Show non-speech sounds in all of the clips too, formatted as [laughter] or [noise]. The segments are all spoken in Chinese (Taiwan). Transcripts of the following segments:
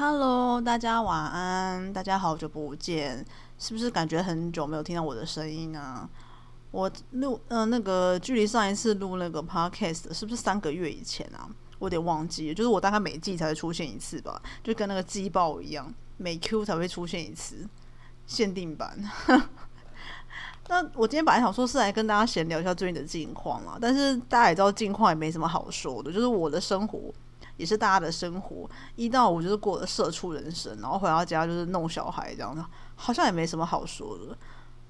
Hello，大家晚安！大家好久不見，是不是感覺很久沒有聽到我的聲音啊？我錄，嗯、呃，那個距離上一次錄那個 podcast 是不是三個月以前啊？我有點忘記，就是我大概每季才會出現一次吧，就跟那個季報一樣，每 Q 才會出現一次限定版。 [laughs] 那我今天本來想說是來跟大家閒聊一下最近的近況啊，但是大家也知道近況也沒什麼好說的，就是我的生活。也是大家的生活，一到五就是過的社畜人生，然後回到家就是弄小孩，這樣子好像也沒什麼好說的。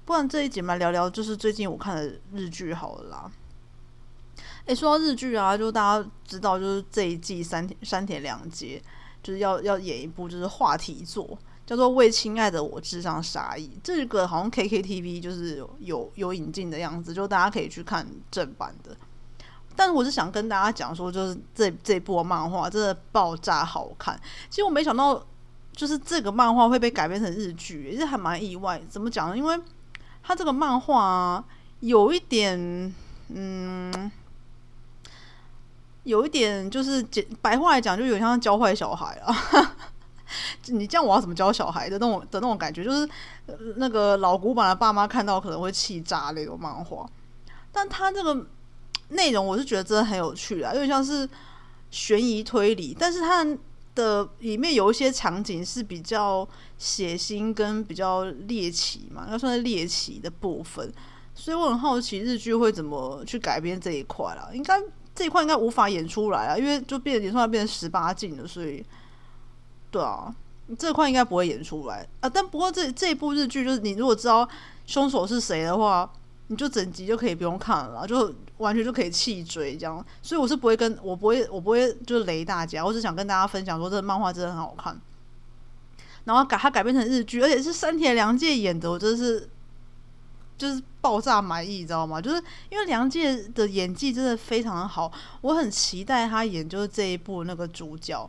不然這一集嘛聊聊，就是最近我看的日劇好了啦。哎、欸，說到日劇啊，就大家知道，就是這一季山田、山田涼介就是要要演一部就是話題作，叫做《為親愛的我致上殺意》，這個好像 KKTV 就是有有引進的樣子，就大家可以去看正版的。但是我是想跟大家講說，就是這這部漫畫真的爆炸好看。其實我沒想到，就是這個漫畫會被改編成日劇，也是還蠻意外。怎麼講呢？因為它這個漫畫啊，有一點，嗯，有一點就是簡白話來講，就有點像教壞小孩啊。呵呵，你叫我要怎麼教小孩的那種的那種感覺，就是那個老古板的爸媽看到可能會氣炸那種漫畫。但他這個。內容我是覺得真的很有趣啦，因為像是懸疑推理，但是它的裡面有一些場景是比較血腥跟比較獵奇嘛，要算是獵奇的部分，所以我很好奇日劇會怎麼去改編這一塊了。應該這一塊應該無法演出來啊，因為就變成突然變成十八禁了，所以對啊，這塊應該不會演出來啊。但不過這這一部日劇就是，你如果知道兇手是誰的話。你就整集就可以不用看了，就完全就可以棄追這樣。所以我是不會跟，我不會，我不會就是雷大家。我只想跟大家分享說，這個漫畫真的很好看。然後他改它改編成日劇，而且是山田涼介演的，我真的是就是爆炸滿意，你知道嗎？就是因為涼介的演技真的非常的好，我很期待他演就是這一部那個主角。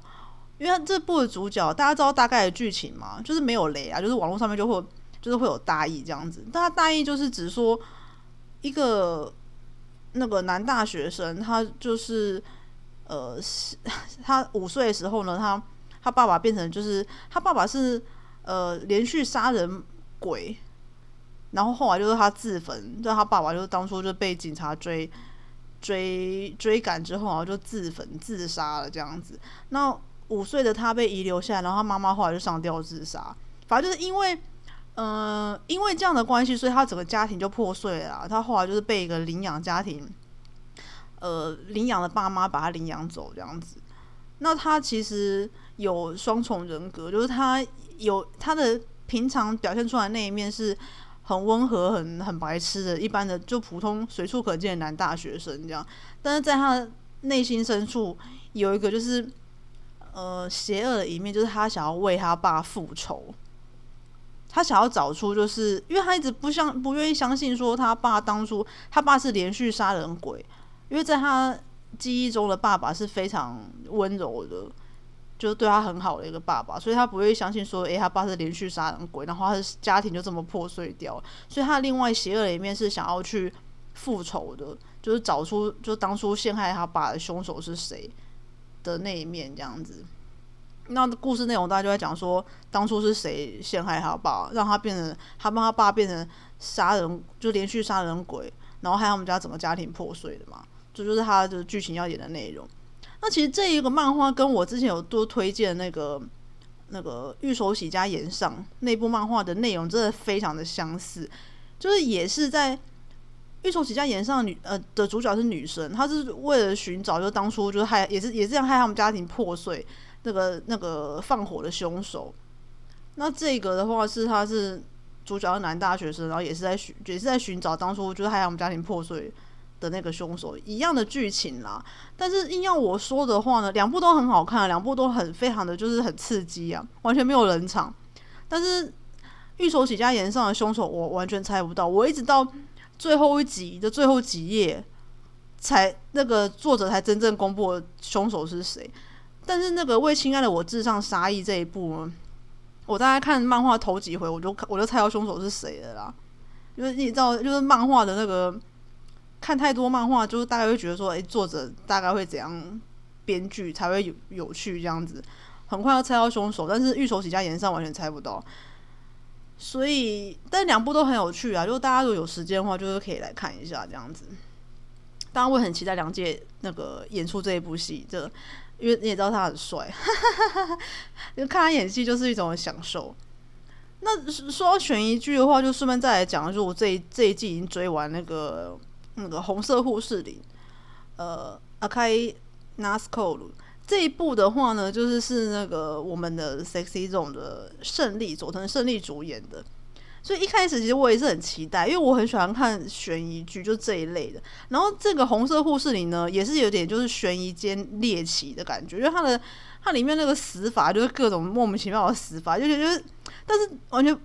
因為這部的主角大家知道大概的劇情嘛，就是沒有雷啊，就是網絡上面就會就是會有大意這樣子。但他大意就是只說。一個那個男大學生，他就是呃，他五歲的時候呢，他他爸爸變成就是他爸爸是呃連續殺人鬼，然後後來就是他自焚，就他爸爸就是當初就被警察追追追趕之後，然後就自焚自殺了這樣子。那五歲的他被遺留下來，然後他媽媽後來就上吊自殺，反正就是因為。嗯、呃，因為這樣的關係，所以他整個家庭就破碎了。他後來就是被一個領養家庭，呃，領養的爸媽把他領養走這樣子。那他其實有雙重人格，就是他有他的平常表現出來的那一面是很溫和、很很白痴的，一般的就普通隨處可見的男大學生這樣。但是在他內心深處有一個就是呃邪惡的一面，就是他想要為他爸復仇。他想要找出，就是因為他一直不相不願意相信說他爸當初他爸是連續殺人鬼，因為在他記憶中的爸爸是非常溫柔的，就對他很好的一個爸爸，所以他不願意相信說，誒、欸，他爸是連續殺人鬼，然後他的家庭就這麼破碎掉。所以他另外邪惡的一面是想要去復仇的，就是找出就當初陷害他爸的凶手是誰的那一面，這樣子。那故事內容大家就在講說，當初是誰陷害他爸，讓他變成他幫他爸變成殺人，就連續殺人鬼，然後害他們家整個家庭破碎的嘛，這就，就是他的劇情要點的內容。那其實這一個漫畫跟我之前有多推薦那個那個《御手洗家炎上》那部漫畫的內容，真的非常的相似，就是也是在《御手洗家炎上》女，呃、的主角是女生，她是為了尋找，就當初就是害也是也是要害他們家庭破碎。那個那個放火的凶手，那這個的話是他是主角的男大學生，然後也是在也是在尋找當初就是害我們家庭破碎的那個凶手一樣的劇情啦。但是硬要我說的話呢，兩部都很好看，兩部都很非常的就是很刺激啊，完全沒有冷場。但是《御手洗家炎上》的凶手我完全猜不到，我一直到最後一集的最後幾頁才那個作者才真正公布了凶手是誰。但是那個為親愛的我致上殺意這一部，我大概看漫畫頭幾回，我就我就猜到兇手是誰的啦。因為、就是你知道，就是漫畫的那個看太多漫畫，就是大家會覺得說，哎、欸，作者大概會怎樣，編劇才會有有趣這樣子，很快要猜到兇手。但是御手洗家炎上完全猜不到，所以，但兩部都很有趣啊。就大家如果有時間的話，就是可以來看一下這樣子。當然，我很期待涼介那個演出這一部戲的。這個因為你也知道他很帥，哈哈哈，就看他演戲就是一種享受。那說到懸疑劇的話，就順便再來講，就是我這一這一季已經追完那個那個《紅色護士》裡，呃，阿開納斯科魯這一部的話呢，就是是那個我們的 sexy 總的勝利，佐藤勝利主演的。所以一開始其實我也是很期待，因為我很喜歡看懸疑劇，就這一類的。然後這個《紅色護士》裡呢，也是有點就是懸疑兼獵奇的感覺，因為它的它裡面那個死法就是各種莫名其妙的死法，就是、是就是。但是完全，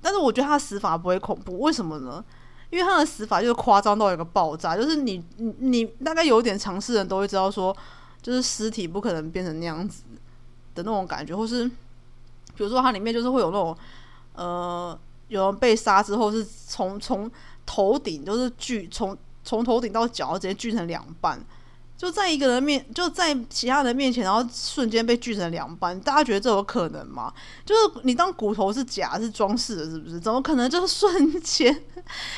但是我覺得它的死法不會恐怖，為什麼呢？因為它的死法就是誇張到有一個爆炸，就是你你你大概有點常識人都會知道說，就是屍體不可能變成那樣子的那種感覺，或是比如說它裡面就是會有那種呃。有人被殺之後是從從頭頂就是鋸從從頭頂到腳直接鋸成兩半，就在一個人面就在其他人面前，然後瞬間被鋸成兩半。大家覺得這有可能嗎？就是你當骨頭是假是裝飾的，是不是？怎麼可能就是瞬間？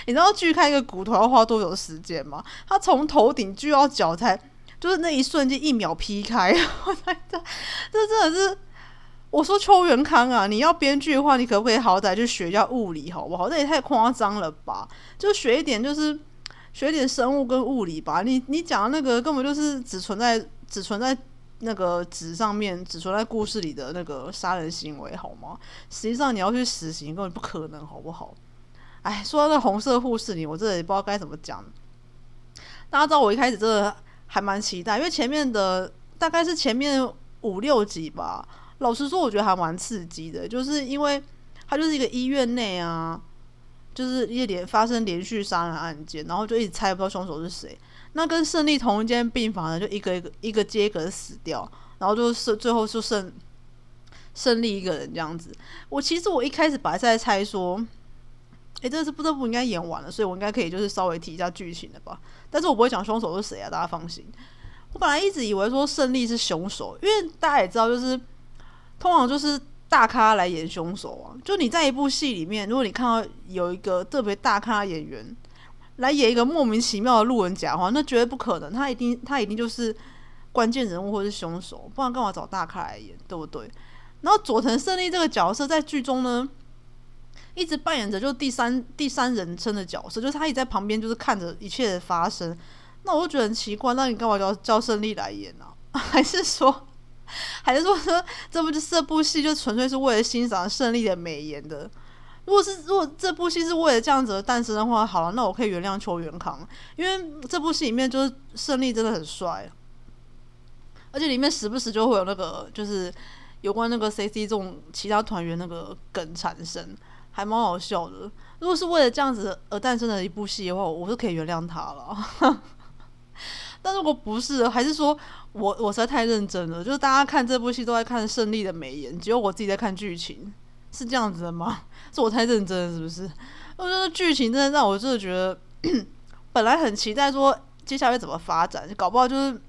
你知道鋸開一個骨頭要花多久時間嗎？他從頭頂鋸到腳才就是那一瞬間一秒劈開，我 [laughs] 這這真的是。我說秋元康啊，你要編劇的話，你可不可以好歹就學一下物理，好不好？這也太誇張了吧！就學一點，就是學一點生物跟物理吧。你你講的那個根本就是只存在只存在那個紙上面，只存在故事裡的那個殺人行為，好嗎？實際上你要去實行，根本不可能，好不好？哎，說到《紅色護士》裡，我這裡不知道該怎麼講。大家知道我一開始真的還蠻期待，因為前面的大概是前面五六集吧。老實說，我覺得還蠻刺激的，就是因為他就是一個醫院內啊，就是一連發生連續殺人案件，然後就一直猜不到凶手是誰。那跟勝利同一間病房的就一個一個一個接一個死掉，然後就是最後就剩勝利一個人這樣子。我其實我一開始本來是在猜說，哎，這個是不知道不應該演完了，所以我應該可以就是稍微提一下劇情的吧。但是我不會講凶手是誰啊，大家放心。我本來一直以為說勝利是凶手，因為大家也知道就是。通常就是大咖來演凶手啊！就你在一部戲裡面，如果你看到有一個特別大咖演員來演一個莫名其妙的路人甲的話，那絕對不可能，他一定他一定就是關鍵人物或者是凶手，不然幹嘛找大咖來演，對不對？然後佐藤勝利這個角色在劇中呢，一直扮演着就是第三第三人稱的角色，就是他也在旁邊就是看着一切的發生，那我就覺得很奇怪，那你幹嘛叫叫勝利來演呢，啊？還是說？還是說，這部這部戲就純粹是為了欣賞勝利的美顏的？如果是如果這部戲是為了這樣子而誕生的話，好了，那我可以原諒邱元康，因為這部戲裡面就是勝利真的很帥，而且裡面時不時就會有那個就是有關那個 CC 這種其他團員那個梗產生，還蠻好笑的。如果是為了這樣子而誕生的一部戲的話，我，我是可以原諒他了。 [laughs] 但如果不是，還是說我我實在太認真了。就是大家看這部戲都在看勝利的美顏，只有我自己在看劇情，是這樣子的嗎？是我太認真了，是不是？我覺得劇情真的讓我真的覺得， [coughs] 本來很期待說接下來怎麼發展，搞不好就是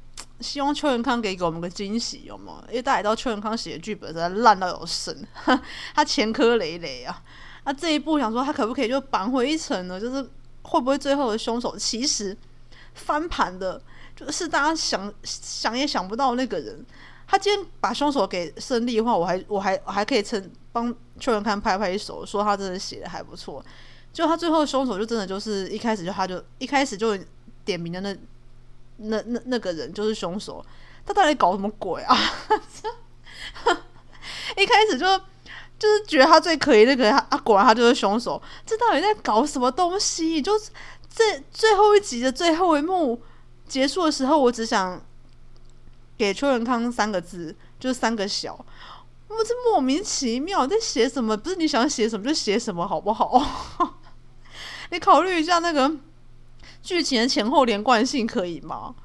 希望秋元康給給我們個驚喜，有嗎？因為大家也知道秋元康寫的劇本實在爛到有剩，他前科累累啊。那、啊、這一部想說他可不可以就扳回一城呢？就是會不會最後的兇手其實翻盤的？就是大家想想也想不到那個人，他竟然把兇手給勝利的話，我還我還我還可以稱幫邱元康拍拍手，說他真的寫的還不錯。就他最後兇手就真的就是一開始就他就一開始就點名的那那那那個人就是兇手，他到底搞什麼鬼啊？ [laughs] 一開始就就是覺得他最可疑那個人，啊果然他就是兇手，這到底在搞什麼東西？就是這最後一集的最後一幕。結束的時候，我只想給邱仁康三個字，就是三個小。我這莫名其妙在寫什麼？不是你想寫什麼就寫什麼，好不好？ [laughs] 你考慮一下那個劇情的前後連貫性，可以嗎？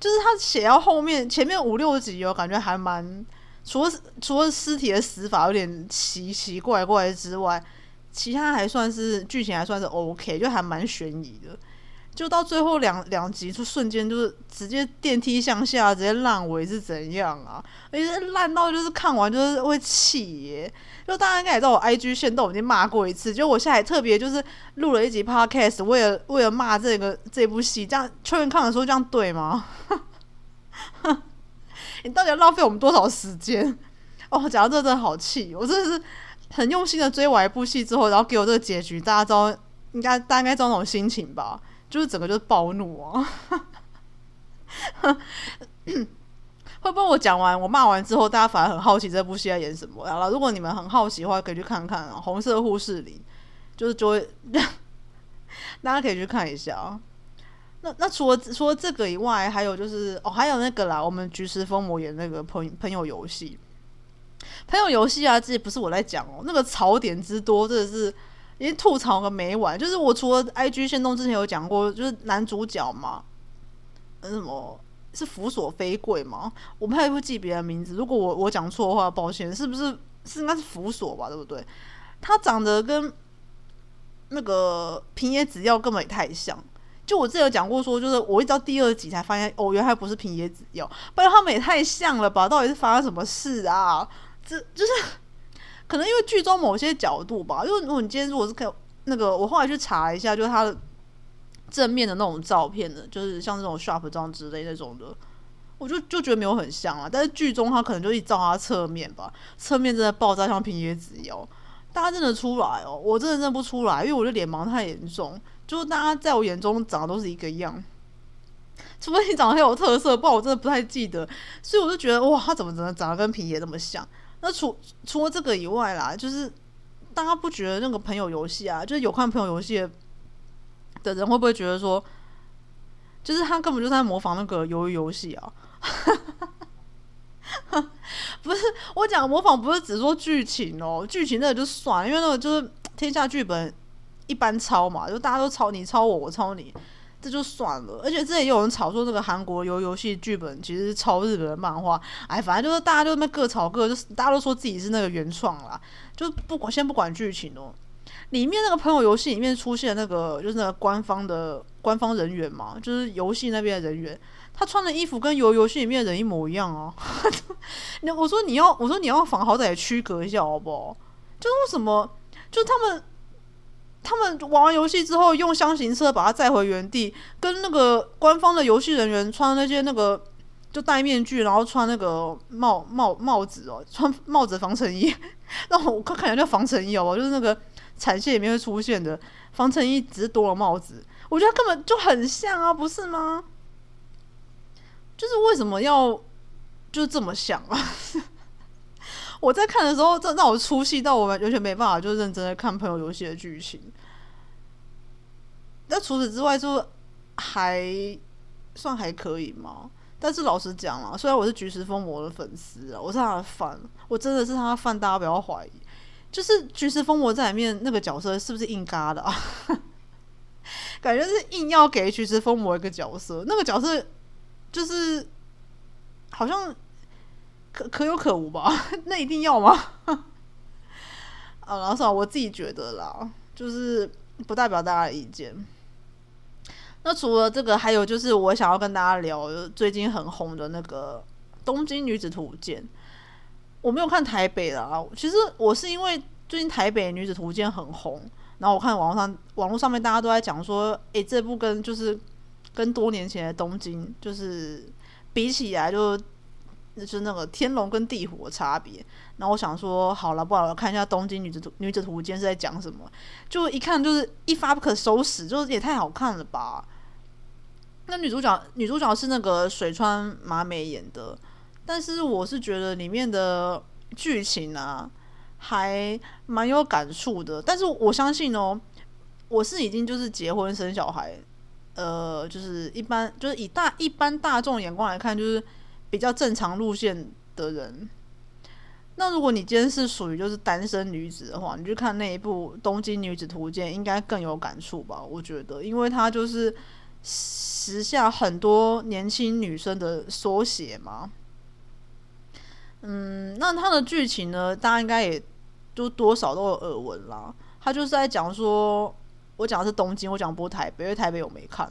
就是他寫到後面，前面五六集我、哦、感覺還蠻，除了，除了屍體的死法有點奇奇怪怪之外，其他還算是，劇情還算是 OK，就還蠻懸疑的。就到最後兩兩集，就瞬間就是直接電梯向下，直接爛尾是怎樣啊？而且爛到就是看完就是會氣耶！就大家應該也知道，我 IG 限動已經罵過一次，就我現在還特別就是錄了一集 podcast，為了為了罵這個這部戲，這樣確認看的時候這樣對嗎？ [laughs] 你到底要浪費我們多少時間？哦，講到這真的真的好氣！我真的是很用心的追完一部戲之後，然後給我這個結局，大家知道應該大家應該知道那種心情吧？就是整個就是暴怒啊！哈哈，會不會我講完，我罵完之後，大家反而很好奇這部戲在演什麼？然後如果你們很好奇的話，可以去看看、哦、《紅色護士林》，就是就會，大家可以去看一下啊、哦。那那除了除了這個以外，還有就是哦，還有那個啦，我們菊池風磨演那個朋友朋友遊戲，朋友遊戲啊，這也不是我在講哦，那個槽點之多，真的是。也吐槽個沒完，就是我除了 I G 限動，之前有講過，就是男主角嘛，那什麼是扶鎖非貴嘛？我不太會記別人名字，如果我我講錯的話，抱歉，是不是是應該是扶鎖吧，對不對？他長得跟那個平野紫耀根本也太像，就我之前有講過說，就是我一直到第二集才發現，哦，原來不是平野紫耀，不然他們也太像了吧？到底是發生什麼事啊？這就是。可能因為劇中某些角度吧，因為如果你今天如果是看那個，我後來去查一下，就是他的正面的那種照片的，就是像那種 s h 刷粉妝之類那種的，我就就覺得沒有很像啊。但是劇中他可能就一直照他側面吧，側面真的爆炸像平野紫耀，大家認得出來哦？我真的認不出來，因為我的臉盲太嚴重，就是大家在我眼中長得都是一個樣，除非你長得很有特色，不然我真的不太記得。所以我就覺得哇，他怎麼怎麼長得跟平野那麼像？那除除了這個以外啦，就是大家不覺得那個朋友遊戲啊，就是有看朋友遊戲的、的人會不會覺得說，就是他根本就在模仿那個魷魚遊戲啊？ [laughs] 不是，我講模仿，不是只說劇情哦、喔，劇情那個就算，因為那個就是天下劇本一般抄嘛，就大家都抄你，抄我，我抄你。這就算了，而且之前也有人吵說這個韓國遊戲遊戲劇本其實抄日本的漫畫，哎，反正就是大家都那各吵各，就是大家都說自己是那個原創啦，就不管先不管劇情哦。裡面那個朋友遊戲裡面出現那個就是那個官方的官方人員嘛，就是遊戲那邊的人員，他穿的衣服跟遊戲遊戲裡面的人一模一樣哦。那 [laughs] 我說你要我說你要仿好歹也區隔一下好不好，就是為什麼？就是他們。他們玩完遊戲之後，用箱型車把它載回原地，跟那個官方的遊戲人員穿的那些那個，就戴面具，然後穿那個帽帽帽子哦，穿帽子防塵衣， [laughs] 那我快看一下叫防塵衣哦，就是那個產線裡面會出現的防塵衣，只是多了帽子。我覺得根本就很像啊，不是嗎？就是為什麼要就是這麼像啊？ [laughs] 我在看的時候，這讓我出戲到我完全沒辦法就認真的看朋友遊戲的劇情。那除此之外，就還算還可以嘛。但是老實講啊，雖然我是《菊池風磨》的粉絲啊，我是他的 fan，我真的是他的 fan，大家不要懷疑。就是《菊池風磨》在裡面那個角色是不是硬嘎的？啊？ [laughs] 感覺是硬要給《菊池風磨》一個角色，那個角色就是好像。可可有可無吧？ [laughs] 那一定要嗎？ [laughs] 啊，老實說，我自己覺得啦，就是不代表大家的意見。那除了這個，還有就是我想要跟大家聊最近很紅的那個《東京女子圖鑑》。我沒有看台北啦，其實我是因為最近台北女子圖鑑很紅，然後我看網絡上網絡上面大家都在講說，誒、欸，這部跟就是跟多年前的東京就是比起來就。就是那個天龍跟地虎的差別。然後，我想說，好了不好了，看一下《東京女子女子圖鑑》是在講什麼。就一看就是一發不可收拾，就是也太好看了吧！那女主角女主角是那個水川麻美演的，但是我是覺得裡面的劇情啊，還蠻有感觸的。但是我相信哦，我是已經就是結婚生小孩，呃，就是一般就是以大一般大眾眼光來看，就是。比較正常路線的人，那如果你今天是屬於就是單身女子的話，你去看那一部《東京女子圖鑑》，應該更有感觸吧？我覺得，因為它就是時下很多年輕女生的縮寫嘛。嗯，那它的劇情呢，大家應該也都多少都有耳聞啦。它就是在講說，我講的是東京，我講不台北，因為台北我沒看。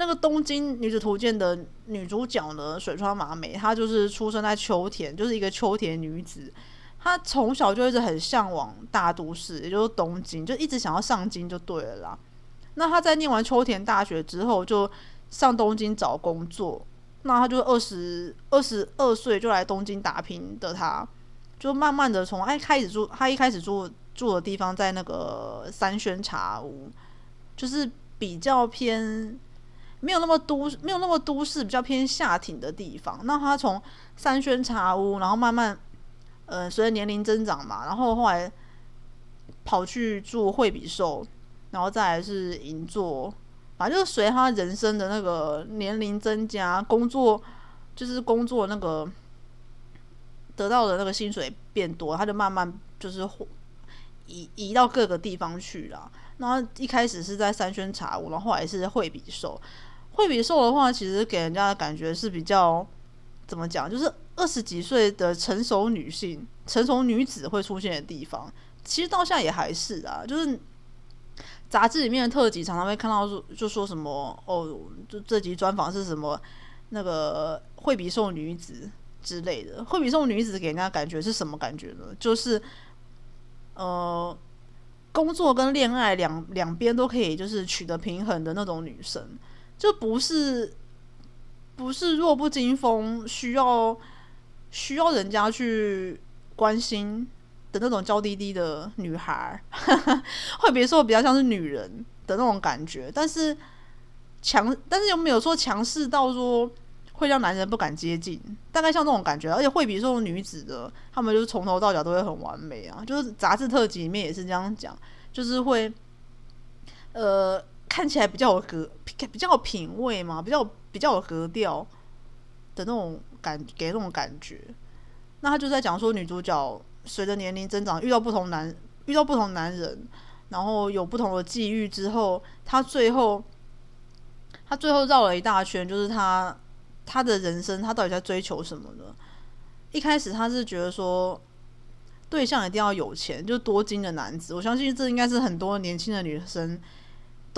那個《東京女子圖鑑》的女主角呢，水川麻美，她就是出生在秋田，就是一個秋田女子。她從小就一直很嚮往大都市，也就是東京，就一直想要上京，就對了啦。那她在念完秋田大學之後，就上東京找工作。那她就二十二十二歲就來東京打拼的她，她就慢慢的從哎開始住，她一開始住住的地方在那個三軒茶屋，就是比較偏。沒有那麼都沒有那麼都市，比較偏下町的地方。那他從三軒茶屋，然後慢慢，呃，隨着年齡增長嘛，然後後來跑去做惠比壽，然後再來是銀座，反、啊、正就是隨他人生的那個年齡增加，工作就是工作那個得到的那個薪水變多，他就慢慢就是移移到各個地方去了。那他一開始是在三軒茶屋，然後後來是在惠比壽。惠比壽的話，其實給人家的感覺是比較怎麼講？就是二十幾歲的成熟女性，成熟女子會出現的地方。其實到現在也還是啊，就是雜誌裡面的特輯常常會看到，就就說什麼哦，就這集專訪是什麼那個惠比壽女子之類的。惠比壽女子給人家的感覺是什麼感覺呢？就是呃，工作跟戀愛兩兩邊都可以，就是取得平衡的那種女生。就不是，不是弱不禁風，需要需要人家去關心的那種嬌滴滴的女孩。呵呵，會比如說比較像是女人的那種感覺，但是強，但是又沒有說強勢到說會讓男人不敢接近，大概像這種感覺，而且會比如說女子的，她們就是從頭到腳都會很完美啊，就是雜誌特輯裡面也是這樣講，就是會，呃。看起來比較有格，比較有品味嘛，比較比較有格調的那種感，給那種感覺。那他就在講說，女主角隨着年齡增長，遇到不同男，遇到不同男人，然後有不同的際遇之後，她最後，她最後繞了一大圈，就是她，她的人生，她到底在追求什麼呢？一開始她是覺得說，對象一定要有錢，就是多金的男子。我相信這應該是很多年輕的女生。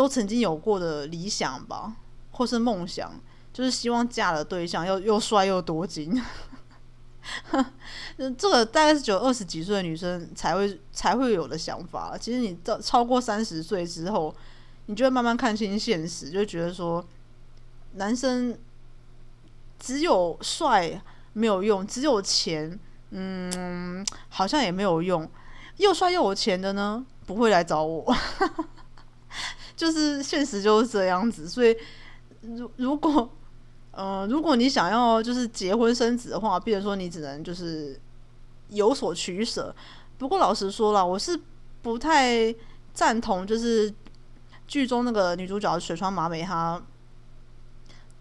都曾經有過的理想吧，或是夢想，就是希望嫁的對象又又帥又多金。 [laughs] 這個大概是只有二十幾歲的女生才會才會有的想法。其實你到超過三十歲之後，你就會慢慢看清現實，就覺得說，男生只有帥沒有用，只有錢，嗯，好像也沒有用。又帥又有錢的呢，不會來找我。 [laughs] 就是現實就是這樣子，所以如如果，嗯、呃，如果你想要就是結婚生子的話，比如說你只能就是有所取捨。不過老實說啦，我是不太贊同，就是劇中那個女主角水川麻美，她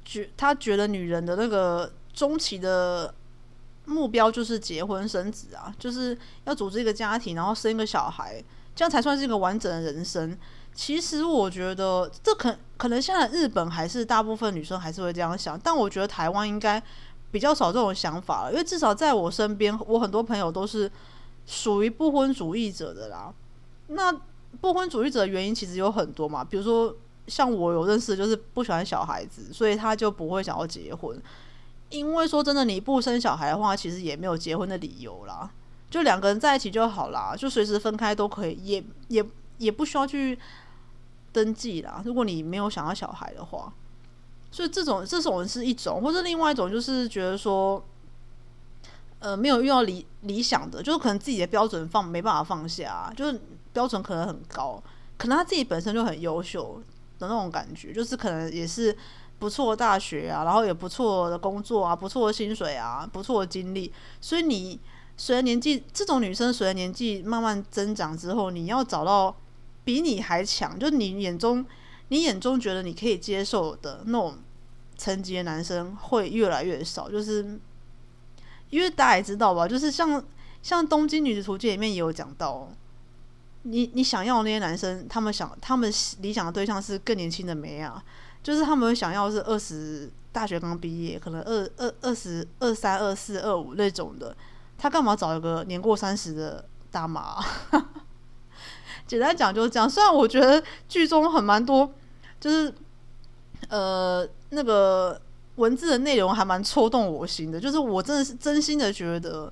覺她覺得女人的那個終極的目標就是結婚生子啊，就是要組織一個家庭，然後生一個小孩。這樣才算是一個完整的人生。其實我覺得這可可能現在日本還是大部分女生還是會這樣想，但我覺得台灣應該比較少這種想法了。因為至少在我身邊，我很多朋友都是屬於不婚主義者的啦。那不婚主義者的原因其實有很多嘛，比如說像我有認識的就是不喜歡小孩子，所以他就不會想要結婚。因為說真的，你不生小孩的話，其實也沒有結婚的理由啦。就兩個人在一起就好啦，就隨時分開都可以，也也也不需要去登記啦。如果你沒有想要小孩的話，所以這種這種是一種，或者另外一種就是覺得說，呃，沒有遇到理理想的，就是可能自己的標準放沒辦法放下啊，就是標準可能很高，可能他自己本身就很優秀的那種感覺，就是可能也是不錯的大學啊，然後也不錯的工作啊，不錯的薪水啊，不錯的經歷，所以你。隨着年紀，這種女生隨着年紀慢慢增長之後，你要找到比你還強，就是你眼中，你眼中覺得你可以接受的那種層級的男生會越來越少。就是，因為大家也知道吧，就是像像《東京女子圖鑑》裡面也有講到，你你想要那些男生，他們想他們理想的對象是更年輕的妹啊，就是他們想要是二十大學剛畢業，可能二二二十二三二四二五那種的。他幹嘛找一個年過三十的大媽、啊？ [laughs] 簡單講就是這樣。雖然我覺得劇中很蠻多，就是呃那個文字的內容還蠻戳動我心的。就是我真的是真心的覺得，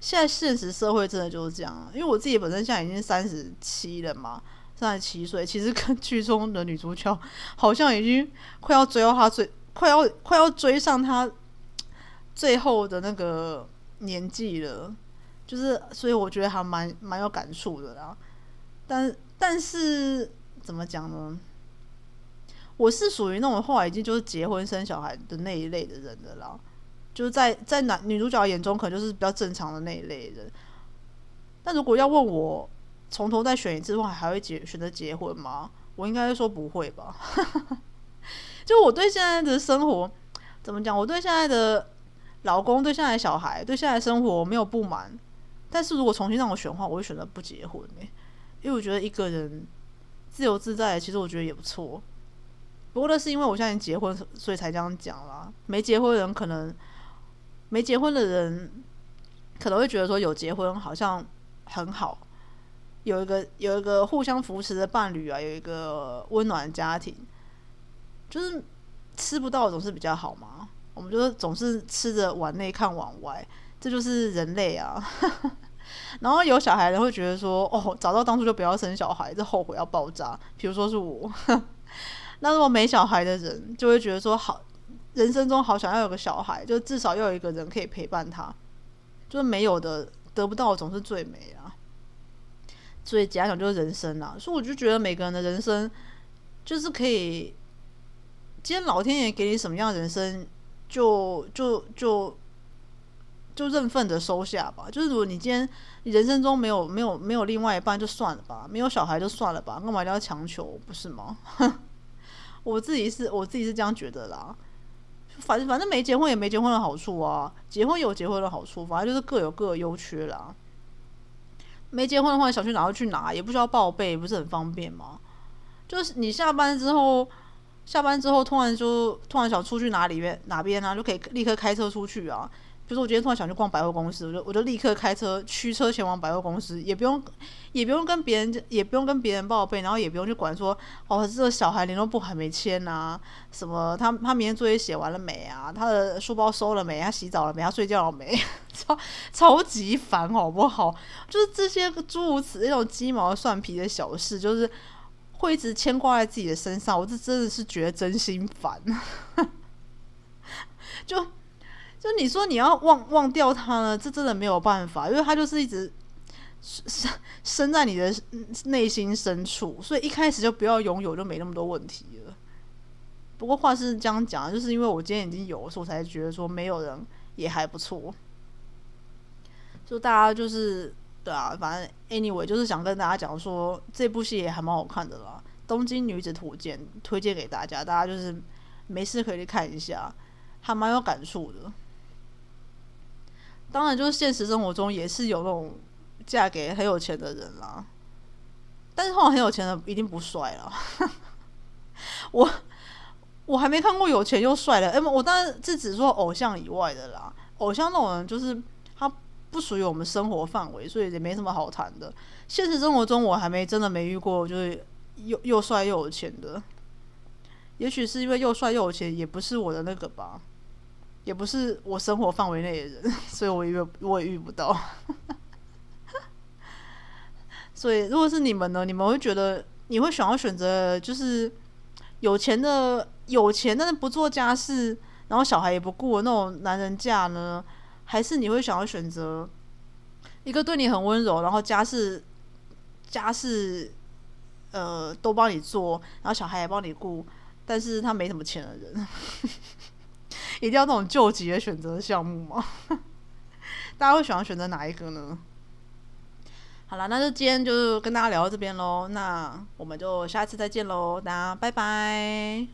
現在現實社會真的就是這樣。因為我自己本身現在已經三十七了嘛，三十七歲，其實跟劇中的女主角好像已經快要追到她最快要快要追上她最後的那個。年紀了，就是所以我覺得還蠻蠻有感觸的啦。但但是怎麼講呢？我是屬於那種後來已經就是結婚生小孩的那一類的人的啦。就是在在男女主角眼中，可能就是比較正常的那一類的人。但如果要問我從頭再選一次的話，還會結選擇結婚嗎？我應該說不會吧。 [laughs] 就我對現在的生活怎麼講？我對現在的。老公對現在小孩對現在生活沒有不滿，但是如果重新讓我選的話，我會選擇不結婚欸，因為我覺得一個人自由自在，其實我覺得也不錯。不過那是因為我現在已經結婚，所以才這樣講啦。沒結婚的人可能沒結婚的人可能會覺得說有結婚好像很好，有一個有一個互相扶持的伴侶啊，有一個溫暖的家庭，就是吃不到總是比較好嘛。我們就總是吃着碗內看碗外，這就是人類啊。 [laughs] 然後有小孩的人會覺得說：“哦，早到當初就不要生小孩，這後悔要爆炸。”比如說是我， [laughs] 那如果沒小孩的人就會覺得說：“好，人生中好想要有個小孩，就至少要有一個人可以陪伴他。”就是沒有的，得不到總是最美啊。所以簡單講就是人生啊，所以我就覺得每個人的人生就是可以，今天老天爺給你什麼樣的人生？就就就就認分的收下吧。就是如果你今天你人生中沒有沒有沒有另外一半，就算了吧；沒有小孩就算了吧。幹嘛一定要強求？不是嗎？哼， [laughs] 我自己是我自己是這樣覺得啦。反正反正沒結婚也沒結婚的好處啊，結婚有結婚的好處，反正就是各有各的優缺啦。沒結婚的話，想去哪就去哪，也不需要報備，不是很方便嗎？就是你下班之後。下班之後，突然就突然想出去哪裡面哪邊啊，就可以立刻開車出去啊。比如說，我今天突然想去逛百貨公司，我就我就立刻開車驅車前往百貨公司，也不用也不用跟別人也不用跟別人報備，然後也不用去管說哦，這小孩聯絡簿還沒簽啊，什麼他他明天作業寫完了沒啊，他的書包收了沒，他洗澡了沒，他睡覺了沒，超超級煩，好不好？就是這些諸如此類、雞毛蒜皮的小事，就是。會一直牽掛在自己的身上，我這真的是覺得真心煩。 [laughs] 就就你說你要忘忘掉它呢，這真的沒有辦法，因為他就是一直深深在你的內心深處，所以一開始就不要擁有就沒那麼多問題了。不過話是這樣講，就是因為我今天已經有的時候，所以我才覺得說沒有人也還不錯。就大家就是。對啊，反正 anyway 就是想跟大家講說，這部戲也還蠻好看的啦，《東京女子圖鑑》推薦給大家，大家就是沒事可以去看一下，還蠻有感觸的。當然，就是現實生活中也是有那種嫁給很有錢的人啦，但是後來很有錢的一定不帥了。 [laughs] 我我還沒看過有錢又帥的，哎，我當然這只是說偶像以外的啦，偶像那種人就是。不屬於我們生活範圍，所以也沒什麼好談的。現實生活中，我還沒真的沒遇過，就是又又帥又有錢的。也許是因為又帥又有錢，也不是我的那個吧，也不是我生活範圍內的人，所以我也我也遇不到。 [laughs] 所以，如果是你們呢？你們會覺得你會想要選擇，就是有錢的有錢，但是不做家事，然後小孩也不顧那種男人嫁呢？還是你會想要選擇一個對你很溫柔，然後家事、家事，呃，都幫你做，然後小孩也幫你顧，但是他沒什麼錢的人， [laughs] 一定要那種救急的選擇項目嗎？ [laughs] 大家會想要選擇哪一個呢？好了，那就今天就跟大家聊到這邊嘍，那我們就下次再見嘍，大家拜拜。